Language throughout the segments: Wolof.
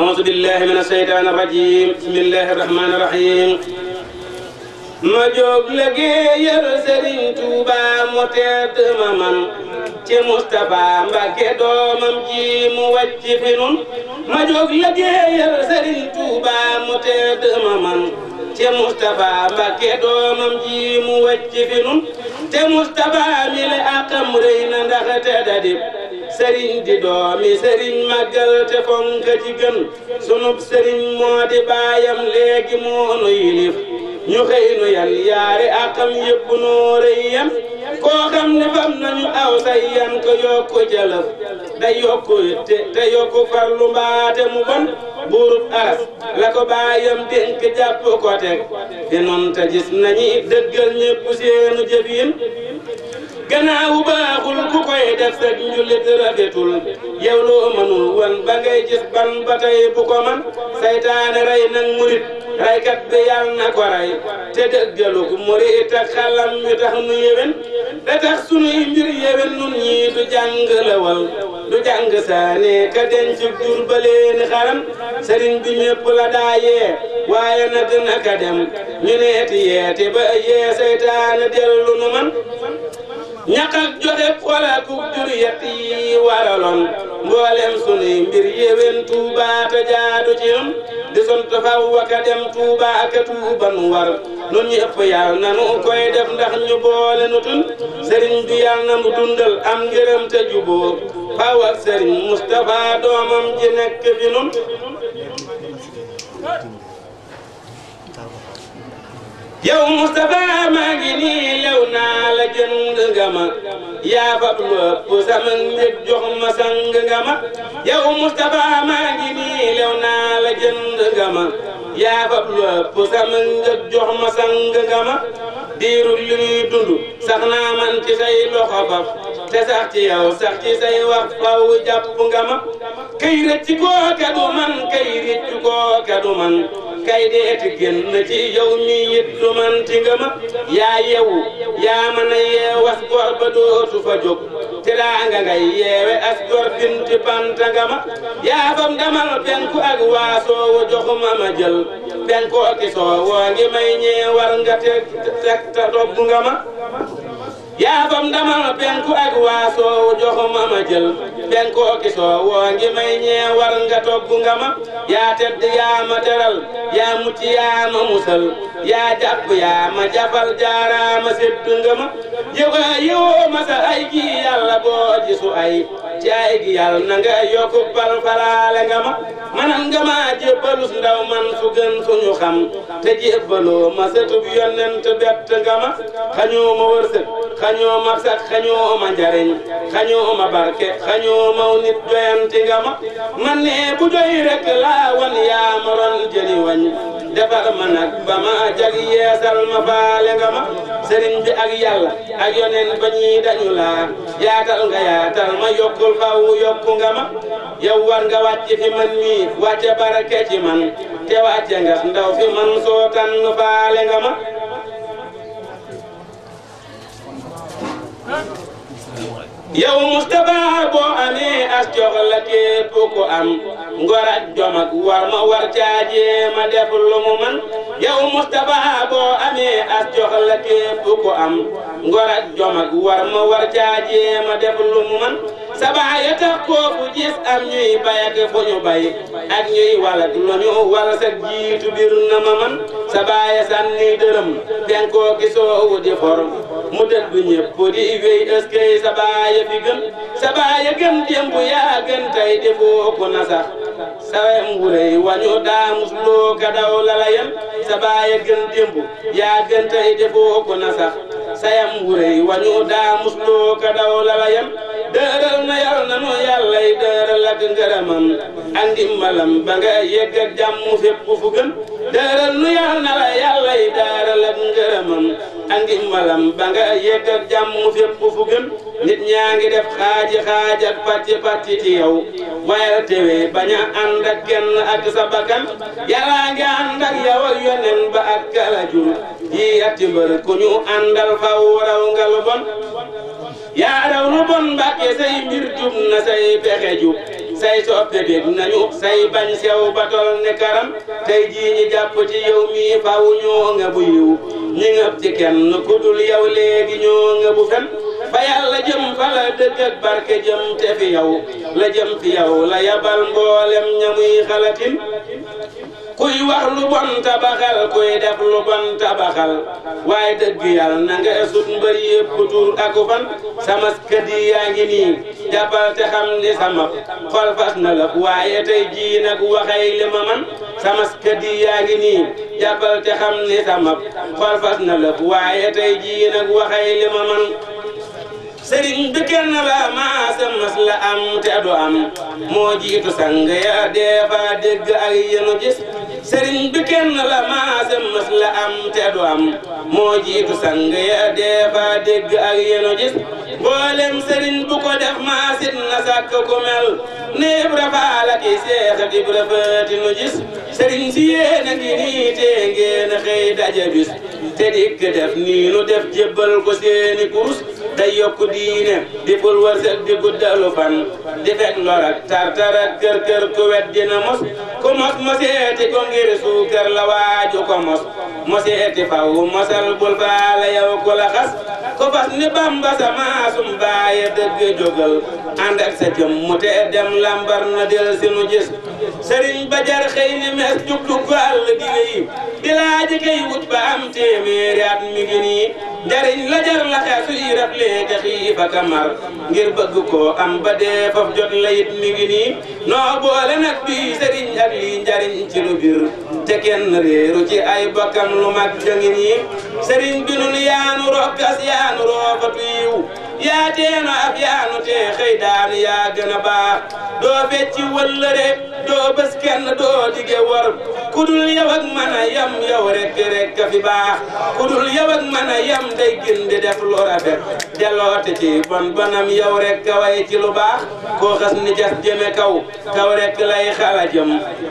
أعوذ بالله من الشيطان الرجيم بسم الله الرحمن الرحيم ma jóg liggéeyal Serigne Touba mu tedd ma man ci Moustapha Mbacke doomam ji mu wàcc fi nun ma jóg liggéeyal Serigne Touba mu tedd ma man ci Moustapha Mbacke doomam ji mu wàcc fi nun te Moustapha mi la àqam rëy na ndax te dadib sérigne di doomi sérigne maggal te fonka ci gën sunub sérigne moo di baayam léegi moonu yilif ñu xëy nu yal yaari àqam yëpp nuurey yam koo xam ne fam nañu aw say yan ko yokku jëlëf da yokku te te yokku farlu mbaate mu bon buurub aras la ko bàyyam dénk jàpp ko teg fi noon te gis nañi dëggal ñëpp seenu jëfiin gannaawu baaxul ku koy def sag njullit rafetul yow loo mënul wan ba ngay gis ban ba tey bu ko man saytaane rey nag murit raykat bi yal na ko rey te dëggalug murit ak xalam yu tax nu yewen da tax sunuy mbir yewen nun ñii du jàng lawal du jàng saane ka denc jur ba leen xaram sëriñ bi ñëpp la daayee waaye na dina dem ñu neeti yeeti ba yee saytaane dellu nu man ñàkk ak joxe xolaku juriyat yi waraloon mboolem sunuy mbir yéwén Touba te ci ñun di sant faw waka dem Touba ak Touba nun ñu ëpp yàlla na koy def ndax ñu boole nu tun sëriñ bi yàlla dundal am ngërëm te jubóor faw ak sëriñ doomam ji nekk fi nun yow Moustapha maa ngi nii lew naa la jënd nga ma yaa fab lu ëpp sama njëg ma sang nga ma yow Moustapha maa ngi nii lew naa la jënd nga ma yaa fab lu ëpp sama njëg ma sang nga ma diiru li ñuy sax naa man ci say loxo ba te sax ci yow sax ci say wax faw jàpp nga ma kay rëcc koo kadu man kay rëcc koo kadu man. kay deeti génn ci yow mi it du ma yaa yewu yaa mën a yeew as gor ba dootu fa jóg teraanga ngay yeewe as gor binti ma yaa fam damal penku ak waasoo joxuma ma jël penkoo ki ngi may ñee nga te teg nga ma yaa fam damal penku ak waasoo joxuma ma jël penkoo ki ngi may ñee nga topp nga ma yaa tedd yaa ma teral yaa mucc yaa ma musal yaa jàpp yaa ma jafal jaaraama sedd nga ma yëga yëwoo ma sa ay gi yàlla boo gisu ay ci ay gi na nga yokk bal falaale nga ma manan nga ma jébbalus ndaw man su gën suñu xam te jébbaloo ma sa tub nga ma xañoo wërsëg xañoo ma sax xañoo ma njariñ xañoo ma barke xañoo maw nit doyanti nga ma man ne ku doy rek laa wan yaa ma ron jëli ma nag ba ma jag yeesal ma faale nga ma sëriñ bi ak yàlla ak yoneen ba ñii dañu laa yaatal nga yaatal ma yokkul faw yokku nga ma yow war nga wàcc fi man mii wàcce barke man te wàcce nga ndaw fi man soo tànn faale nga ma yow a boo amee as la képp ku am ngor ak war ma war caajee ma def lu mu man yow Moustapha boo amee as la képp ku am ngor ak war ma war caajee ma def lu man sabaa ya tax kooku gis am ñuy bay ak bay ak ñuy wala du ñu wala sa jiitu na ma man sabaa ya sànni dërëm penkoo gisoo wu di for mu dël bu di wéy ëskay sabaa ya fi gën sabaa ya yaa gën defoo ko na sax sawem wuley wañu daamus loo gadaw lala yem sabaa gën démb yaa gën defoo ko na sax sayam wuley wañu daamus loo gadaw lala yem dëral na yal na nu yàlla yi dëral ak ngërëmam ak ba nga yegg ak fépp fu gën dëral nu yal na la yàlla yi dëral ak ngërëmam ba nga yegg ak fépp fu nit ñaa ngi def xaaji xaaj ak pàcci pàcci ci yow waaye tewee bañ a ànd ak kenn ak sa bakkan yàllaa ngi ànd ak ba ak kalajul yii atti mbër ku ñu àndal faw nga lu yaa raw nu bon mbàkke say mbir jub na say pexe jub say soppe bég nañu say bañ sew ba tol ne karam tey jii jàpp ci yow mii faw ñoo nga bu yiw ñi ngëp ci kenn ku dul yow léegi ñoo nga fen ba yàlla jëm fa la dëgg barke jëm te fi yow la jëm fi yow la yabal mboolem ñamuy xalatin kuy wax lu bon tabaxal kuy def lu bon tabaxal waaye dëgg yàlla na nga sut mbër yëpp tuur ak fan sama kadi yaa ngi nii jàppal te xam ni sama xol fas na la waaye tey jii nag waxay li ma man sama kadi yaa ngi nii jàppal te xam ni sama xol fas na la waaye tey jii nag waxay li ma man sëriñ bi kenn la maasa mas la am te du am moo jiitu sang ya dee fa dégg ak yenu gis sëriñ bi kenn la maasam mës la am te du am moo jiitu sang ya deefa dégg ak yenu gis mboolem sëriñ bu ko def maasit na sàkk ku mel ni Ibra Faal ak Seex Ibra Faati nu gis sëriñ si yéena ngi nii te ngeen xëy daje bis te dikk def nii nu def jébbal ko seeni kurus day yokku diine di ful wërsëg di guddalu fan di fekk lor ak tartar ak kër kër ku wet dina mos ku mos moseeti ko ngir suukar la waaju ko mos moseeti faw mosal bul faale yow ku la xas ko fas ni bamba sa maasum baaye dëgg jógal ànd sa jëm mu te dem lambar na del si nu gis sëriñ ba jar xëy ni mees jug-jug fa àll di yi di laaji kay wut ba am téeméeri at mi ngi nii jariñ la jar la xeesu i raf lee te xiifa kamar ngir bëgg koo am ba dee foofu jot la yit ngi nii noo boole nag bii sëriñ ak lii njariñ ci lu bir te kenn réeru ci ay bokkam lu mag jëngi nii sëriñ bi nun yaanu rokkas yaanu roofatu yiw yaa teeno af yaanu te xëy daanu yaa gën a baax doo fecci wëllëre doo bés kenn doo dige war kudul yow ak man a yam yow rek rek fi baax kudul yow ak man a yam day gën di def lu rafet jaloote ci bon bonam yow rek ka ci lu baax koo xas ni jas jëme kaw kaw rek lay xala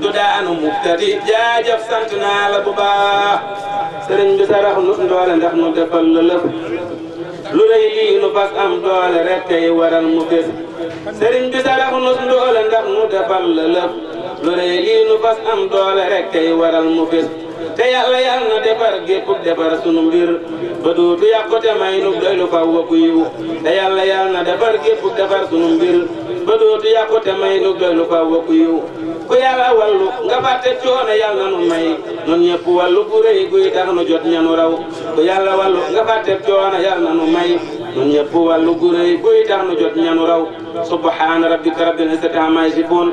du daanu muktadi jaajëf sant naa la bu baax sëriñ bi sarax nu ndoole ndax nu defal la lu rëy lii nu fas am doole rek kay waral mu bés sëriñ bi sarax nu ndoole ndax nu defal la lu rëy lii nu fas am doole rek tey waral mu fés te yàlla defar gépp defar sunu mbir ba duutu yàlla yal na defar gépp defar sunu mbir ba duutu yàqu te may nu doy lu faw ku yiw ku yàlla wallu nga fàtte coono yàlla nu may nun ñëpp wallu bu guy tax nu jot ñanu raw ku yàlla wallu nu raw subhaana rabbika rabbil izzati ammaa yasifuun